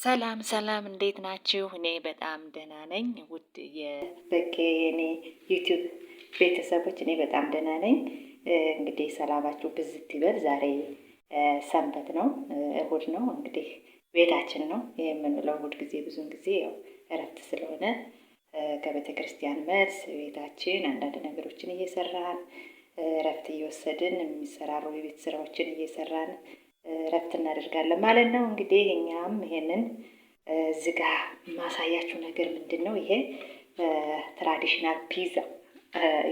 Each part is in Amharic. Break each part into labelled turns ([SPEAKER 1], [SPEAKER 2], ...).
[SPEAKER 1] ሰላም ሰላም፣ እንዴት ናችሁ? እኔ በጣም ደህና ነኝ። ውድ የበቄ
[SPEAKER 2] የኔ ዩቲዩብ ቤተሰቦች እኔ በጣም ደህና ነኝ። እንግዲህ ሰላማችሁ ብዝት ይበል። ዛሬ ሰንበት ነው፣ እሁድ ነው። እንግዲህ ቤታችን ነው የምንለው እሁድ ጊዜ ብዙን ጊዜ ያው እረፍት ስለሆነ ከቤተ ክርስቲያን መልስ ቤታችን አንዳንድ ነገሮችን እየሰራን እረፍት እየወሰድን የሚሰራሩ የቤት ስራዎችን እየሰራን ረፍት እናደርጋለን ማለት ነው። እንግዲህ እኛም ይሄንን ዝጋ ጋ የማሳያችሁ ነገር ምንድን ነው? ይሄ ትራዲሽናል ፒዛ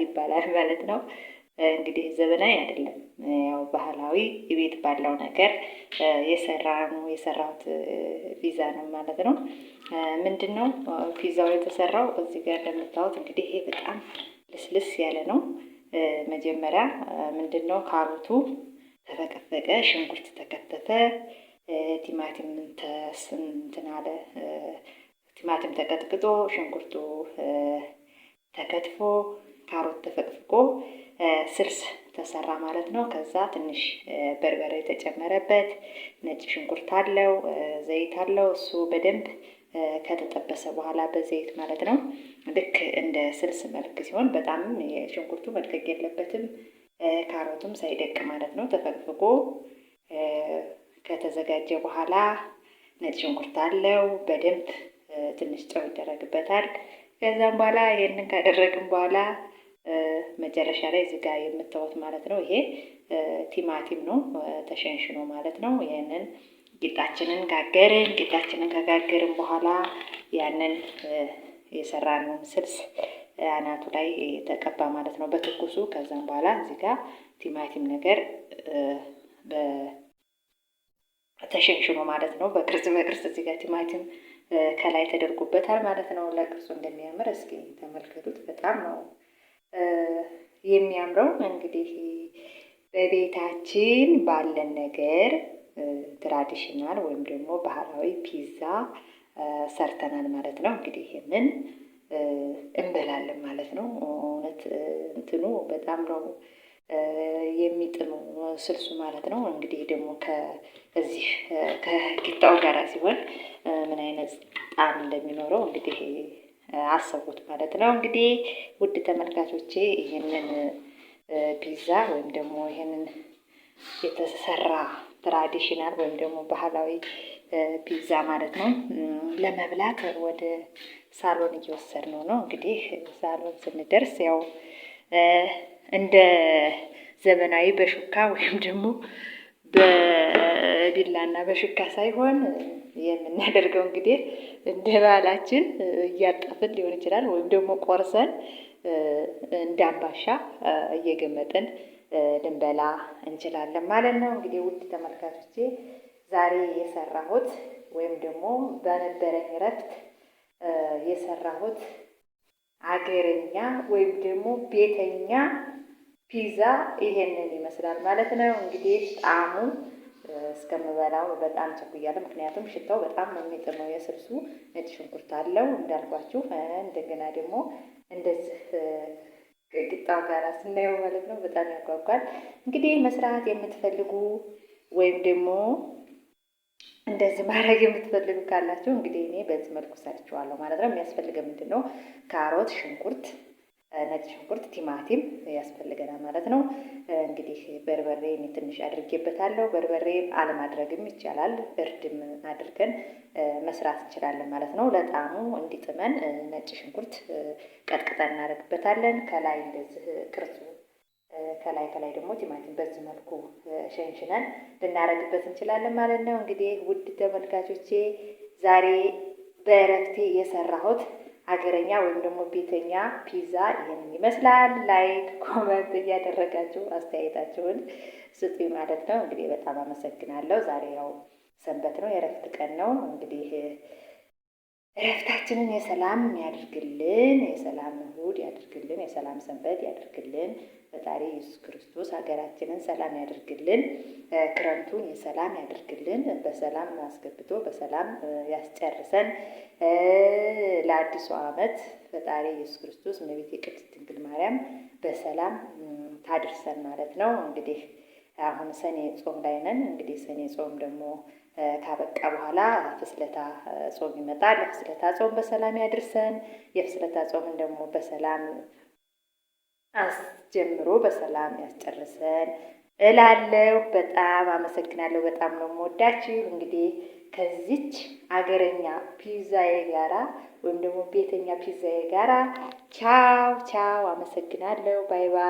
[SPEAKER 2] ይባላል ማለት ነው። እንግዲህ ዘመናዊ አይደለም፣ ያው ባህላዊ ቤት ባለው ነገር የሰራ ነው የሰራሁት ፒዛ ነው ማለት ነው። ምንድን ነው ፒዛው የተሰራው እዚህ ጋር እንደምታዩት እንግዲህ ይሄ በጣም ልስልስ ያለ ነው። መጀመሪያ ምንድን ነው ካሮቱ ተፈቀፈቀ፣ ሽንኩርት ተከተፈ፣ ቲማቲም እንትን አለ። ቲማቲም ተቀጥቅጦ፣ ሽንኩርቱ ተከትፎ፣ ካሮት ተፈቅፍቆ ስልስ ተሰራ ማለት ነው። ከዛ ትንሽ በርበሬ የተጨመረበት ነጭ ሽንኩርት አለው፣ ዘይት አለው። እሱ በደንብ ከተጠበሰ በኋላ በዘይት ማለት ነው። ልክ እንደ ስልስ መልክ ሲሆን በጣም ሽንኩርቱ መድቀቅ የለበትም። ካሮቱም ሳይደቅ ማለት ነው። ተፈቅፍቆ ከተዘጋጀ በኋላ ነጭ ሽንኩርት አለው በደንብ ትንሽ ጨው ይደረግበታል። ከዛም በኋላ ይህንን ካደረግን በኋላ መጨረሻ ላይ እዚህ የምታዩት ማለት ነው ይሄ ቲማቲም ነው ተሸንሽኖ ማለት ነው። ይህንን ጌጣችንን ጋገርን። ጌጣችንን ከጋገርን በኋላ ያንን የሰራነውን ስልስ አናቱ ላይ ተቀባ ማለት ነው በትኩሱ። ከዛም በኋላ እዚህ ጋር ቲማቲም ነገር ተሸንሽኖ ማለት ነው በቅርጽ በቅርጽ እዚህ ጋር ቲማቲም ከላይ ተደርጎበታል ማለት ነው። ለቅርጹ እንደሚያምር እስኪ ተመልከቱት። በጣም ነው የሚያምረው። እንግዲህ በቤታችን ባለን ነገር ትራዲሽናል ወይም ደግሞ ባህላዊ ፒዛ ሰርተናል ማለት ነው። እንግዲህ ይህንን እንበላለን ማለት ነው። እውነት እንትኑ በጣም ነው የሚጥኑ ስልሱ ማለት ነው። እንግዲህ ደግሞ ከዚህ ከቂጣው ጋር ሲሆን ምን አይነት ጣዕም እንደሚኖረው እንግዲህ አሰቡት ማለት ነው። እንግዲህ ውድ ተመልካቾቼ ይህንን ፒዛ ወይም ደግሞ ይህንን የተሰራ ትራዲሽናል ወይም ደግሞ ባህላዊ ፒዛ ማለት ነው ለመብላት ወደ ሳሎን እየወሰድነው ነው። እንግዲህ ሳሎን ስንደርስ ያው እንደ ዘመናዊ በሹካ ወይም ደግሞ በቢላና በሹካ ሳይሆን የምናደርገው እንግዲህ እንደ ባህላችን እያጠፍን ሊሆን ይችላል፣ ወይም ደግሞ ቆርሰን እንደ አምባሻ እየገመጥን ልንበላ እንችላለን ማለት ነው። እንግዲህ ውድ ተመልካቾቼ ዛሬ የሰራሁት ወይም ደግሞ በነበረኝ እረፍት የሰራሁት አገረኛ ወይም ደግሞ ቤተኛ ፒዛ ይሄንን ይመስላል ማለት ነው። እንግዲህ ጣዕሙ እስከምበላው በጣም ቸኩያለሁ። ምክንያቱም ሽታው በጣም ነው የሚጥመው። የስልሱ ነጭ ሽንኩርት አለው እንዳልኳችሁ። እንደገና ደግሞ እንደዚህ ቂጣው ጋር ስናየው ማለት ነው በጣም ያጓጓል። እንግዲህ መስራት የምትፈልጉ ወይም ደግሞ እንደዚህ ማድረግ የምትፈልጉ ካላችሁ እንግዲህ እኔ በዚህ መልኩ ሰርችዋለሁ ማለት ነው። የሚያስፈልገ ምንድን ነው? ካሮት፣ ሽንኩርት፣ ነጭ ሽንኩርት፣ ቲማቲም ያስፈልገናል ማለት ነው። እንግዲህ በርበሬ እኔ ትንሽ አድርጌበታለሁ። በርበሬ አለማድረግም ይቻላል። እርድም አድርገን መስራት እንችላለን ማለት ነው። ለጣዕሙ እንዲጥመን ነጭ ሽንኩርት ቀጥቅጠን እናደርግበታለን። ከላይ እንደዚህ ቅርጹ ከላይ ከላይ ደግሞ ቲማቲም በዚህ መልኩ ሸንሽነን ልናረግበት እንችላለን ማለት ነው። እንግዲህ ውድ ተመልካቾቼ ዛሬ በእረፍቴ የሰራሁት ሀገረኛ ወይም ደግሞ ቤተኛ ፒዛ ይህን ይመስላል። ላይክ ኮመንት እያደረጋችሁ አስተያየታችሁን ስጡ ማለት ነው። እንግዲህ በጣም አመሰግናለሁ። ዛሬ ያው ሰንበት ነው፣ የእረፍት ቀን ነው። እንግዲህ እረፍታችንን የሰላም ያድርግልን፣ የሰላም እሁድ ያድርግልን፣ የሰላም ሰንበት ያድርግልን። ፈጣሪ ኢየሱስ ክርስቶስ ሀገራችንን ሰላም ያደርግልን፣ ክረምቱን የሰላም ያደርግልን፣ በሰላም አስገብቶ በሰላም ያስጨርሰን። ለአዲሱ ዓመት ፈጣሪ ኢየሱስ ክርስቶስ እመቤቴ ቅድስት ድንግል ማርያም በሰላም ታድርሰን ማለት ነው። እንግዲህ አሁን ሰኔ ጾም ላይ ነን። እንግዲህ ሰኔ ጾም ደግሞ ካበቃ በኋላ ፍስለታ ጾም ይመጣል። የፍስለታ ጾም በሰላም ያድርሰን። የፍስለታ ጾምን ደግሞ በሰላም አስጀምሮ በሰላም ያስጨርሰን እላለሁ። በጣም አመሰግናለሁ። በጣም ነው የምወዳችሁ። እንግዲህ ከዚች አገረኛ ፒዛዬ ጋራ ወይም ደግሞ ቤተኛ ፒዛዬ ጋራ ቻው ቻው። አመሰግናለሁ። ባይ ባይ